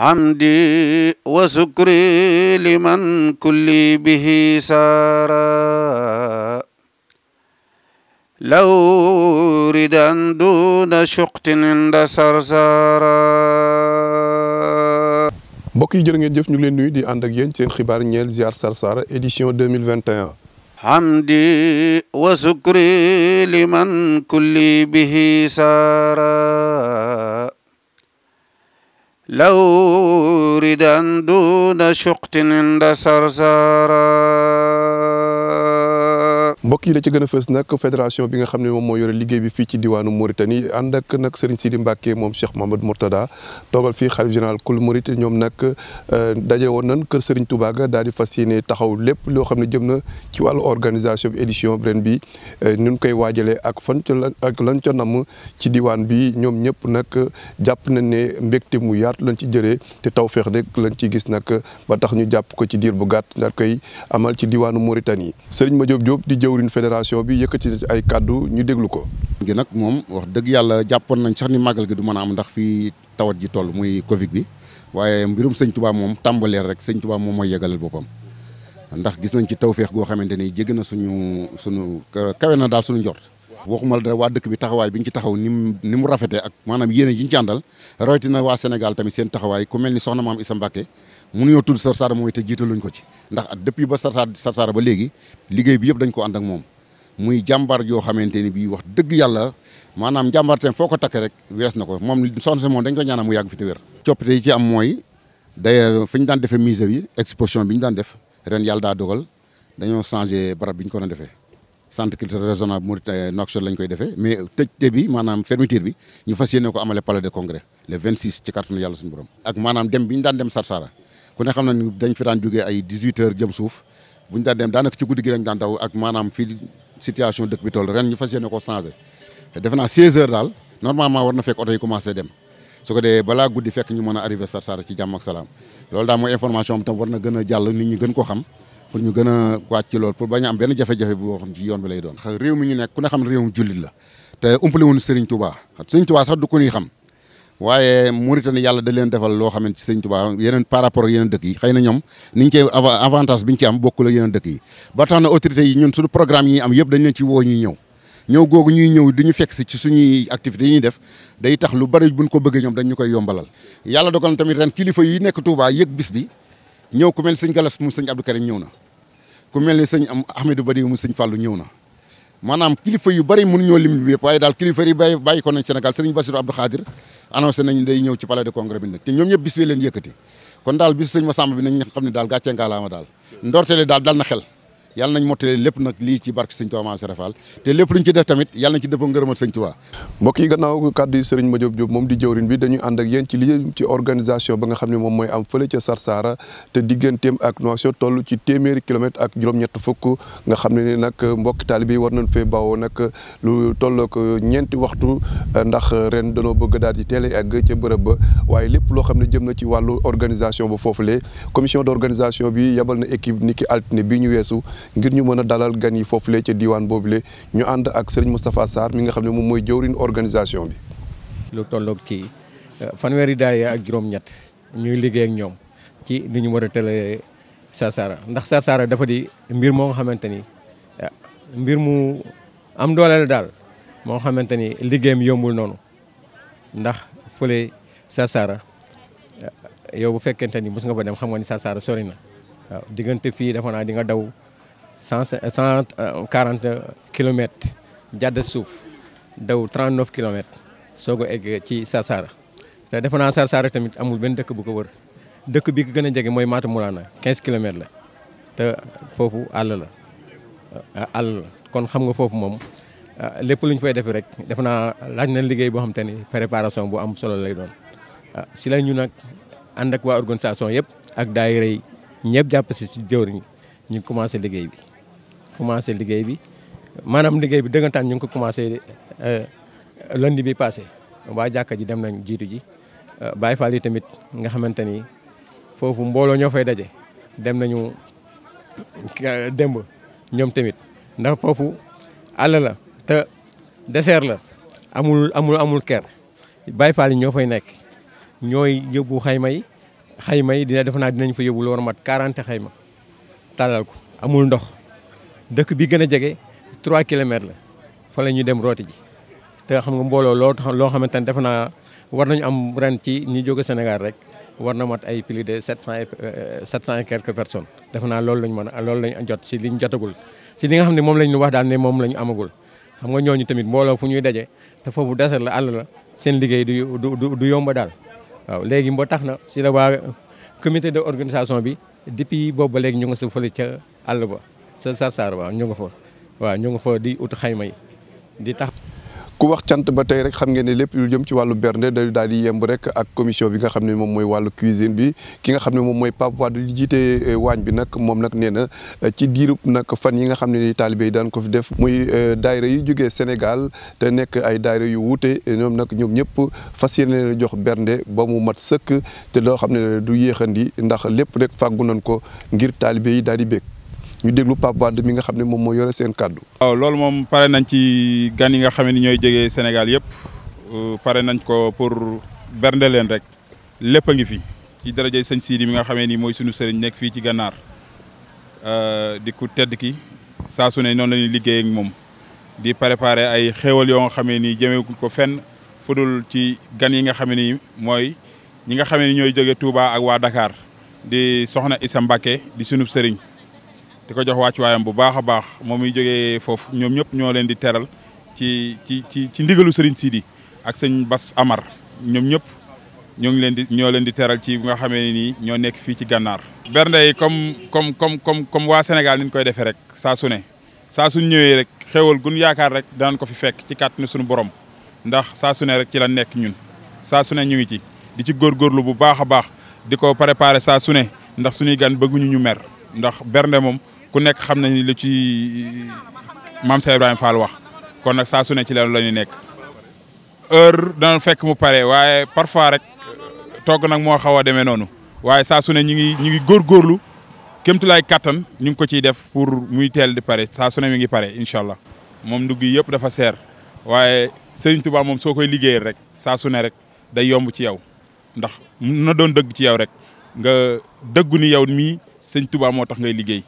hamdi wa sukri liman kulli bihi saara law ridan duna shuqtin inda sarsara mbokk yi jërë ngeen jëf ñu ngi leen nuyu di ànd ak yéen seen xibaar ñeel ziar sarsara édition 2021 hamdi wa liman kulli bihi saara law ridan duna shuqtin inda sarsara mbokk yi la ci gën a fës nag fédération bi nga xam ne moom moo yore liggéey bi fii ci diwaanu Mauritanie ànd ak nag Serigne Sidi Mbacke moom Cheikh Mamadou Mourtada toogal fii xalif général kul Mourit ñoom nag euh, daje woon nañ kër Serigne Touba daal di fas yéene taxaw lépp loo xam ne jëm na ci wàllu organisation bi édition ren bi euh, nun koy waajalee ak fan ca ak lan ca namm ci diwaan bi ñoom ñëpp nag jàpp nañ ne mbégte mu yaatu lañ ci jëree te taw feex rek lañ ci gis nag ba tax ñu jàpp ko ci diir bu gàtt daal koy amal ci diwaanu Mauritanie Serigne Madiop Diop di jëwriñ fédération bi yëkkati na ci ay kàddu ñu déglu ko. ngi nag moom wax dëgg yàlla jàppoon nañ sax ni màggal gi du mën a am ndax fii tawat ji toll muy Covid bi waaye mbirum sëñ Tuubaa moom tàmbaleel rek sëñ Tuubaa moom mooy yegalal boppam. ndax gis nañ ci tawféex goo xamante ni jéggi na suñu suñu kawe na daal suñu njort. waxumal dara waa dëkk bi taxawaay bi ñu ci taxaw ni mu ni mu rafetee ak maanaam yéene yi ñu ci àndal rawatina waa Sénégal tamit seen taxawaay ku mel ni soxna maam Issa Mbacké mënuñoo tudd Sar Sara mooy te jiitaluñ ko ci ndax depuis ba Sar Sara ba léegi liggéey bi yëpp dañ ko ànd ak moom muy jàmbaar yoo xamante ni bii wax dëgg yàlla maanaam jàmbaar tamit foo ko takkee rek wees na ko moom soxna si moom dañ ko ñaanal mu yàgg fi te wér coppite yi ci am mooy d'ailleurs fi ñu daan defee musée bi exposition bi ñu daan def ren yàlla dogal dañoo changé barab bi ko doon defee centre culturel raisonnable Mauritanie Nouakchott lañ koy defee mais tëjte bi maanaam fermeture bi ñu fas yéene ko amale palais de congrès le 26 ci kàttanu yàlla suñu borom. ak maanaam dem bi ñu daan dem Sarsara ku ne xam na ni dañ fi daan jógee ay 18 heures jëm suuf bu ñu daan dem daanaka ci guddi gi dañ daan daw ak maanaam fii situation dëkk bi toll ren ñu fas ko changé defe naa 16 heures daal normalement war na fekk oto yi commencé dem. su a a jàll nit ñi gën xam. pour ñu gën a wàcc ci loolu pour bañ a am benn jafe-jafe boo xam ci yoon bi lay doon réew mi ñu nekk ku ne xam ne réewum jullit la te umpale wuñu Serigne Touba Serigne Touba sax du ko ñuy xam waaye Mauritanie yàlla da leen defal loo xamante ci Serigne Touba yeneen par rapport ak yeneen yi xëy na ñoom niñ cee avantage biñ ci am bokkul ak yeneen dëkk yi ba tax na yi ñun suñu programme yi ñuy am yëpp dañ leen ci woo ñuy ñëw ñëw googu ñuy ñëw di ñu fekk si ci suñuy activités yi ñuy def day tax lu bari buñ ko bëggee ñoom dañ ñu koy yombalal yàlla dogal na tamit ren kilifa yi nekk Touba yëg bis bi ñëw ku mel ni Galas mu sëñ Abdou ñëw na ku mel ni sëñ am Ahmedou Badi mu sëñ Fallou ñëw na maanaam kilifa yu bëri mënuñoo lim bi yëpp daal kilifa yi bay bàyyi ko nañ Sénégal sëriñ Bassirou Abdou Khadir nañ day ñëw ci palais de congrès bi nag te ñoom ñëpp bis bi leen yëkkati kon daal bis sëñ Massamba bi nañ xam ne daal gàccee ngaalaama daal ndortele daal dal na xel yàlla nañ mottale lépp nag lii ci barke sëñ Tuubaa Maam Serap te lépp luñ ci def tamit yàlla nañ ci dëppoo ngërëmal sëñ Tuubaa mbokk yi gannaaw kàddu yi sëriñ Madiop Diop moom di jëwrin bi dañuy ànd ak yéen ci li ci organisation ba nga xam ne moom mooy am fële ca Sarsara te digganteem ak Nouakchott toll ci téeméeri kilomètre ak juróom-ñett fukk nga xam ne ni nag mbokki taalibe yi war nañ fee bawoo nag lu tollook ñeenti waxtu ndax ren danoo bëgg daal di teel àgg ca bërëb ba waaye lépp loo xam ne jëm na ci wàllu organisation ba foofu le commission d'organisation bi yabal na équipe niki altine bi ñu weesu ngir ñu mën a dalal gan yi foofulee ca diwaan boobule ñu ànd ak Serigne Moustapha saar mi nga xam ne moom mooy jëwriñ organisation bi. lu tolloog kii euh, fanweeri daaya ak juróom-ñett ñuy liggéey ñoom ci ni ñu war a tëlee Sarsara ndax Sarsara dafa di mbir moo xamante ni euh, mbir mu am doole daal moo xamante ni liggéeyam yombul noonu ndax fële Sarsara euh, yow bu fekkente ni mos nga fa dem xam nga ni Sarsara sori na waaw diggante fii dafa naa di nga daw. cent cent euh, quarante kilomètres jàdd suuf daw trente neuf kilomètres soo ko egg ci Sarsara te defe naa Sarsara tamit amul benn dëkk bu ko wër dëkk bi ko gën a jege mooy Matam Moulana quinze kilomètres la te foofu àll la euh, àll la kon xam nga foofu moom euh, lépp lu ñu fay defee rek defe naa laaj na liggéey boo xam te ni préparation bu am solo lay doon si la ñu nag ànd ak waa organisation yëpp ak daayira yi ñëpp jàpp si si jëwriñ ñu commencé liggéey bi commencé liggéey bi maanaam liggéey bi dëggantaan ñu ngi ko commencé euh, lundi bi passé waa jàkka ji dem nañ jiitu ji euh, Baay Faal yi tamit nga xamante ni foofu mbooloo ñoo fay daje dem nañu euh, démb ñoom tamit ndax foofu àll la te désert la amul amul amul ker Baay Faal yi ñoo fay nekk ñooy yóbbu xayma yi xayma yi dina def naa dinañ fa yóbbu lu mat 40 xayma tàllal ko amul ndox dëkk bi gën a jege 3 kilomètres la fa la ñuy dem rooti ji te xam nga mbooloo loo loo xamante ne defe naa war nañu am ren ci ñi jóge Sénégal rek war na mat ay plus de 700 700 euh, et quelques personnes defe naa loolu lañ mën a loolu lañ jot si liñ jotagul si li nga xam ne moom lañ wax daal ne moom lañ amagul xam nga ñooñu tamit mbooloo fu ñuy daje te foofu desal la àll la seen liggéey du du du yomba daal waaw léegi ba tax na si la waa comité de organisation bi depuis boobu ba léegi ñu nga sa fële ca àll ba sa sar saar waaw ñu nga fa waaw ñu nga fa di ut xayma yi di tax. ku wax cant ba tey rek xam ngeen ne lépp lu jëm ci wàllu bernde dañu daal di yemb rek ak commission bi nga xam ne moom mooy wàllu cuisine bi ki nga xam ne moom mooy Pape Wade di jiite eh, waañ bi nag moom nag nee na eh, ci diirub nag fan yi nga xam ne ni taalibe yi daan ko fi def muy eh, daayira yi jógee Sénégal te nekk ay daayira yu wuute ñoom nag ñoom ñëpp fas yéene jox bernde ba mu mat sëkk te loo xam ne du yéexandi ndax lépp rek fàggu nañ ko ngir taalibe yi daal di ñu déglu Pape Wade mi nga xam ne moom moo yore seen kàddu. waaw loolu moom pare nañ ci gan yi nga xam ni ñooy jege Sénégal yëpp euh, pare nañ ko pour bernde leen rek lépp a ngi fi ci darajay sëñ Sidi mi nga xamee ni mooy sunu sëriñ nekk fii ci gànnaar euh, di ku tedd ki saa su ne noonu la ñuy liggéey moom di préparer ay xéewal yoo nga xamee ni jëmeekul ko fenn fudul ci gan yi nga xam ni mooy ñi nga xam ni ñooy jóge Touba ak waa Dakar di soxna Issa Mbacké di sunub sëriñ. di ko jox waayam bu baax a baax moom muy jógee foofu ñoom ñëpp ñoo leen di teral ci ci ci ci ndigalu Serigne Sidi ak sëñ Bas Amar ñoom ñëpp ñoo ngi leen di ñoo leen di teral ci nga xamee ni ñoo nekk fii ci gànnaar. bernde yi comme comme comme comme comme waa Sénégal ni ñu koy defee rek saa su ne saa suñ ñëwee rek xéwal gun yaakaar rek danañ ko fi fekk ci kàttanu suñu borom ndax saa su ne rek ci la nekk ñun saa su ne ñu ngi ci di ci góorgóorlu bu baax a baax di ko préparer saa su ne ndax suñuy gan bëgguñu ñu mer ndax bernde moom. ku nekk xam nañ lu ci maam Cheikh Ibrahima Fall kon nag saa su ne ci loolu la ñu nekk heure dana fekk mu pare waaye parfois rek euh, toog nag moo xaw a demee noonu waaye saa su ñu ngi ñu ngi góorgóorlu kémtulaay kattan ñu ngi ko ciy def pour muy teel di pare saa su mi ngi pare incha allah moom ndugg yi yëpp dafa seer waaye Serigne tubaa moom soo koy liggéey rek saa su rek day yomb ci yow ndax na doon dëgg ci yow rek nga dëggu ni yow mii Serigne Touba moo tax ngay liggéey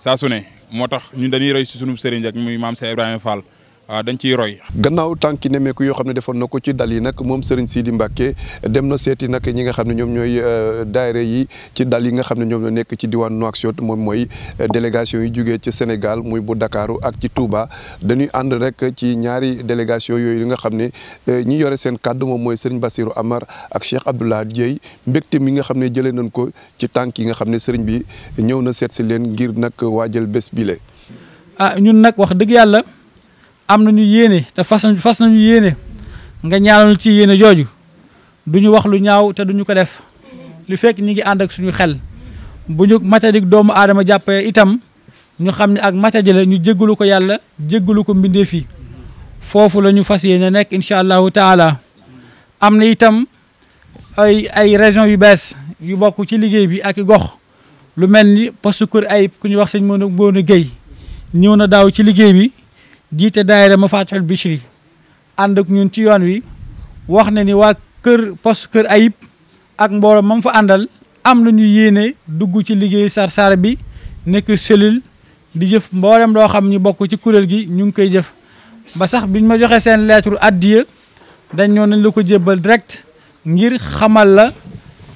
saa su ne moo tax ñun dañuy roy si sunu sëriñ rek maam Cheikh Ibrahima Fall waaw ah, dañ ciy roy. gannaaw tànki nemmeeku yoo xam ne defoon na ko ci dal yi nag moom Serigne Sidi Mbacke dem na seeti nag ñi nga xam ne ñoom ñooy euh, daayira yi ci dal yi nga xam ne ñoom la nekk ci diwaan Nouakchott moom mooy euh, délégation yi jógee ci Sénégal muy bu Dakar ak ci Touba dañuy ànd rek ci ñaari délégation yooyu nga xam ne euh, ñi yore seen kàddu moom mooy Serigne Bassirou Amar ak Cheikh Abdoulaye Dieye mbégte mi nga xam ne jëlee nañ ko ci tànk yi nga xam ne sëriñ bi ñëw na seet si leen ngir nag waajal bés bile. Ah, am nañu yéene te fas nañu fas yéene nga ñaanal ci yéene jooju du ñu wax lu ñaaw te du ñu ko def lu fekk ñi ngi ànd ak suñu xel bu ñu matadik doomu aadama jàppee itam ñu xam ne ak mataji la ñu jéggalu ko yàlla jéggalu ko mbindee fii foofu la ñu fas yéene nekk incha allahu taala am na itam ay ay région yu bees yu bokk ci liggéey bi ak i gox lu mel ni poste Kër Ayib ku ñuy wax sëñ mën a mën a ñëw na daaw ci liggéey bi jiite ma Mafatihul Bichri ànd ak ñun ci yoon wi wax na ni waa kër poste kër ayib ak mbooloo mam fa àndal am nañu yéene dugg ci liggéey sar-sar bi nekk sëlil di jëf mboolem loo xam ñu bokk ci kuréel gi ñu ngi koy jëf ba sax biñ ma joxee seen lettre addiya dañ ñoo nañ la ko jébbal direkt ngir xamal la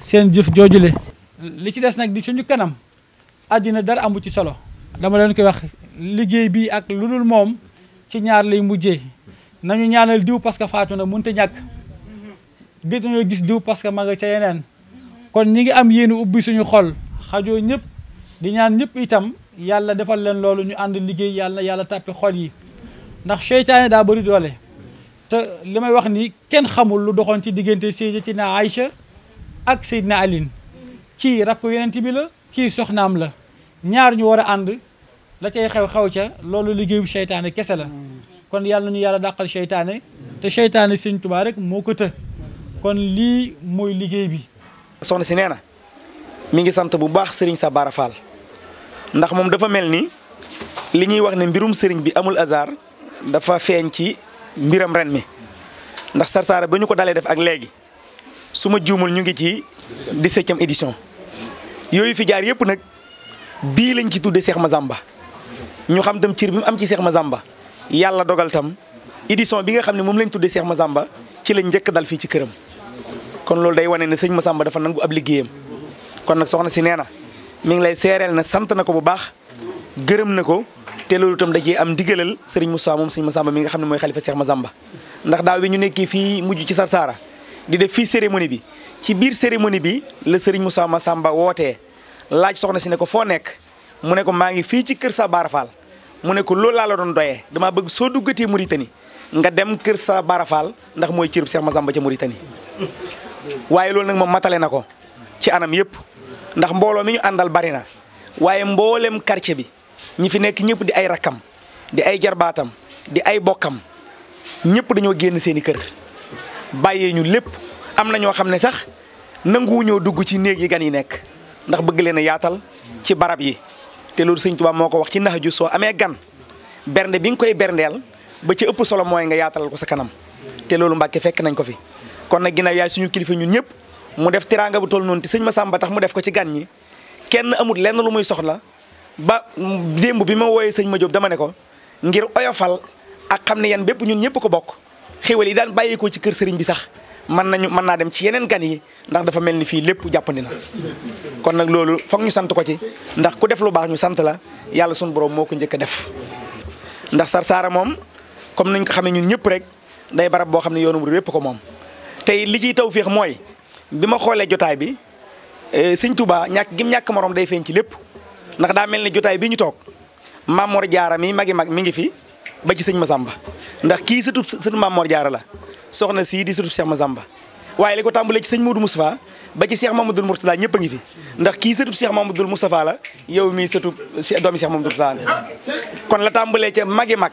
seen jëf joojule li ci des nag di suñu kanam àddina dara amu ci solo dama leen koy wax liggéey bi ak lu dul moom ci ñaar lay mujjee nañu ñaanal diw parce que faatu na mënta ñàkk gëj nañoo gis diw parce que ma nga ca yeneen kon ñi ngi am yéen ubbi suñu xol xajoo ñëpp di ñaan ñëpp itam yàlla defal leen loolu ñu ànd liggéey yàlla yàlla tàppe xol yi ndax seytaane daa bëri doole te li may wax ni kenn xamul lu doxoon ci diggante Sayyidatina Aïcha ak Seydina Aline kii rakku Yonent bi la kii soxnaam la ñaar ñu war a ànd la cay xew xew ca loolu liggéeyu seytaane kese la kon yàlla ñu yàlla dàqal seytaane te seytaane sëñ Tuubaa rek moo ko të kon lii mooy liggéey bi soxna si nee na mi ngi sant bu baax sëriñ sa Bara ndax moom dafa mel ni li ñuy wax ne mbirum sëriñ bi amul azar dafa feeñ ci mbiram ren mi ndax Sarsara ba ñu ko dalee def ak léegi su ma juumul ñu ngi ci 17e édition yooyu fi jaar yëpp nag bii lañ ci tudde Seex Masamba ñu xam tam cër bi mu am ci ma sàmba yàlla dogal tam édition bi nga xam ne moom lañ tuddee ma Massamba ci lañ njëkk dal fii ci këram kon loolu day wane ne sëñ ma Massamba dafa nangu ab liggéeyam kon nag soxna si nee na mu ngi lay seereel na sant na ko bu baax gërëm na ko te loolu tam da cee am ndigalal sëriñ Moussa moom sëñ ma Massamba mi nga xam ne mooy xalifa ma Massamba ndax daaw bi ñu nekkee fii mujj ci Sarsara di def fii cérémonie bi ci biir cérémonie bi la sëriñ Moussa Massamba wootee laaj soxna si ne ko foo nekk mu ne ko maa ngi fii ci kër sa Fall mu ne ko loolu laa la doon doyee damaa bëgg soo duggatee Mauritanie nga dem kër sa Fall ndax mooy cërub Cheikh Massamba ca Mauritanie. waaye loolu nag moom matale na ko ci anam yëpp ndax mbooloo mi ñu àndal bari na waaye mbooleem quartier bi ñi fi nekk ñëpp di ay rakkam di ay jarbaatam di ay bokkam ñëpp dañoo génn seeni kër bàyyee ñu lépp am na ñoo xam ne sax nanguwuñoo dugg ci néeg yi gan yi nekk ndax bëgg leen a yaatal ci barab yi. te loolu sëñ Tuubaa moo ko wax ci nax ju soo amee gan bernde bi nga koy berndeel ba ci ëpp solo mooy nga yaatalal ko sa kanam te loolu Mbàkke fekk nañ ko fi kon nag ginnaaw yaay suñu kilifa ñun ñëpp mu def teraanga bu toll noonu te sëñ ma sàmba tax mu def ko ci gan ñi kenn amul lenn lu muy soxla ba démb bi ma wooyee sëñ ma Majob dama ne ko ngir oyofal ak xam ne yan bépp ñun ñëpp ko bokk xéwal yi daan bàyyeekoo ci kër sëriñ bi sax mën nañu mën naa dem ci yeneen gan yi ndax dafa mel ni fii lépp jàppandi na kon nag loolu foog ñu sant ko ci ndax ku def lu baax ñu sant la yàlla sunu borom moo ko njëkk a def. ndax Sarsara moom comme nañ ko xamee ñun ñëpp rek day barab boo xam ne yoonu murid yëpp ko moom tey li ciy tawféex mooy bi ma xoolee jotaay bi eh, sëñ tubaa ñàkk gim ñàkk moroom day feeñ ci lépp ndax daa mel ni jotaay bi ñu toog Mamor Jaara mi magi mag mi ngi fi ba ci sëñ Masamba ndax kii sëtu sëtu Jaara la. soxna sii di sutub ma Massamba waaye li ko tàmbalee ci sëñ Modou Moustapha ba ci Cheikh Mamadou Mourtala ñëpp a fi ndax kii sëtub Cheikh Mamadou Moustapha la yow mii sëtub doomi Cheikh Mamadou Mourtala kon la tàmbalee ca magi mag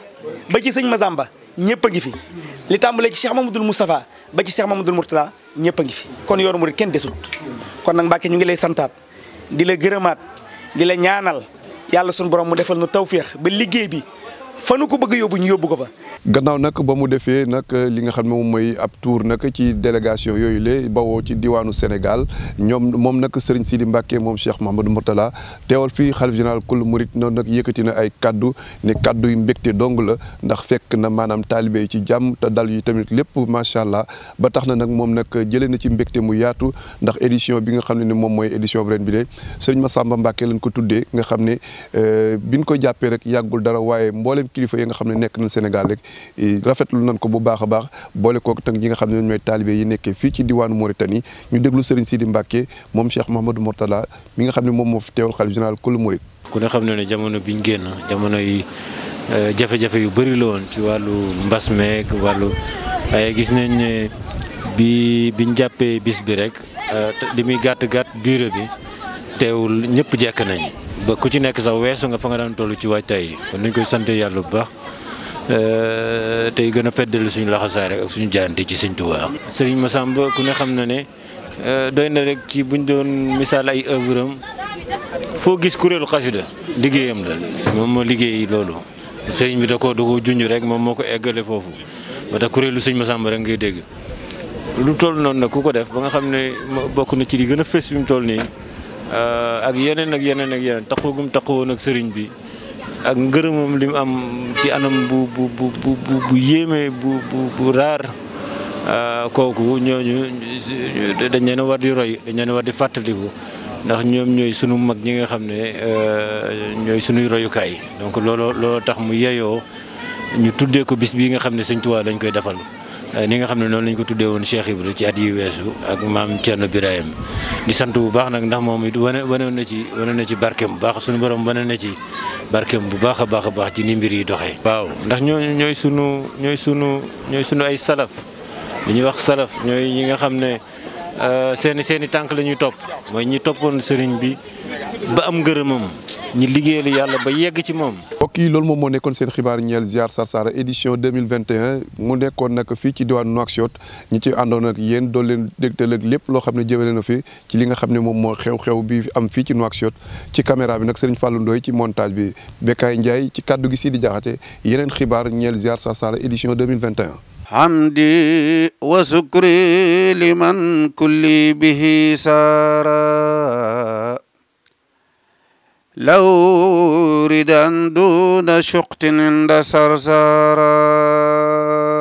ba ci sëñ Massamba ñëpp a ngi fi li tàmbalee ci Cheikh Mamadou Moustapha ba ci Cheikh Mamadou Mourtala ñëpp a ngi fi kon yoonu murid kenn desut kon nag Mbàkke ñu ngi lay santaat di la gërëmaat di la ñaanal yàlla suñu borom mu defal nu tawféex ba liggéey bi fa nu ko bëgg yóbbu ñu yóbbu ko fa gannaaw nag ba mu defee nag euh, li nga xam ne moom mooy ab tour nag ci délégation yooyu la bawoo ci diwaanu Sénégal ñoom moom nag sii di Mbacke moom Cheikh Mahamadou Mourtala teewal fii xalif général kul murit noonu nag yëkkati na ay kàddu ne kàddu yu mbégte dong la ndax fekk na maanaam taalibe yi ci jàmm te dal yi tamit lépp macha allah ba tax na nag moom nag jëlee na ci mbégte mu yaatu ndax édition bi nga xam ne ni moom mooy édition ren bi de Serigne Massamba Mbacke lañ ko tuddee nga xam ne euh, biñ ko jàppee rek yàggul dara waaye mboolem kilifa yi nga xam ne nekk na Sénégal rek rafetlu nañ ko bu baax a baax boole koo tënk ñi nga xam ne ñooy taalibe yi nekkee fii ci diwaanu Mauritanie ñu déglu Serigne Sidi Mbacke moom Cheikh Mahamadou Mourtala mi nga xam ne moom moo fi teewal xalif général kullu murit ku ne xam ne ne jamono ñu génn jamono yi euh, jafe-jafe yu bari la woon ci wàllu mbas meeg wàllu waaye gis nañ ne bi biñ jàppee bis bi rek euh, li muy gàtt gàtt durée bi teewul ñëpp jekk nañ ba ku ci nekk sax weesu nga fa nga daan toll ci waajtaay yi kon nañ koy sant yàlla bu baax Euh, tey gën a feddali suñu laxasaay rek ak suñu jaayante ci sëñ Tuubaa sëriñ Massamba ku ne xam na ne euh, doy na rek ci buñ doon misaal ay œuvre foo gis kuréelu xasida liggéeyam la moom moo liggéey loolu sëriñ bi da ko da ko junj rek moom moo ko eggale foofu ba kuréelu sëñ Massamba rek ngay dégg lu toll noonu nag ku ko def ba nga xam ne bokk na ci li gën a fës fi mu toll nii euh, ak yeneen ak yeneen ak yeneen taxugum taxawoon ak sëriñ bi ak ngërëmam li mu am ci anam bu bu bu bu bu yéeme bu bu bu raar euh, kooku ñooñu dañ leen a war di roy dañ leen war di fàttaliku ndax ñoom ñooy sunu mag ñi nga xam ne euh, ñooy sunuy royukaay donc looloo looloo tax mu yeyoo ñu tuddee ko bis bii nga xam ne Sëñ Tuubaa lañ koy defal. Euh, ni nga xam ne noonu lañ ko tuddee woon Cheikh Ibra ci at yi weesu ak maam Thierno Birahim di sant bu baax nag ndax moom it wane wane na ci wane na ci barke bu baax sunu borom wane na ci. barkeem bu baax a baax a baax ci ni mbir yi doxee. waaw ndax ñooñu ñooy sunu ñooy sunu ñooy ay salaf li ñuy wax salaf ñooy ñi nga xam ne euh, seeni seeni tànk la ñuy topp mooy ñi toppoon sëriñ bi ba am ngërëmam. ñi liggéeyal yàlla ba yegg ci moom. mbokk yi loolu moom moo nekkoon seen xibaar ñeel ziar Sarsara édition 2021 mu nekkoon nag fii ci diwaan Nouakchott ñi ci àndoon ak yéen doon lépp loo xam ne jëmale na fi ci li nga xam ne moom moo xew-xew bi am fii ci Nouakchott ci caméra bi nag Serigne Fallou Ndoye ci montage bi Bekay Ndiaye ci kaddu gi Sidi Diakhaté yeneen xibaar ñeel ziar Sarsara édition 2021. hamdi wa sukri liman kulli bihi saara law ridan duna shuqtin inda sarsara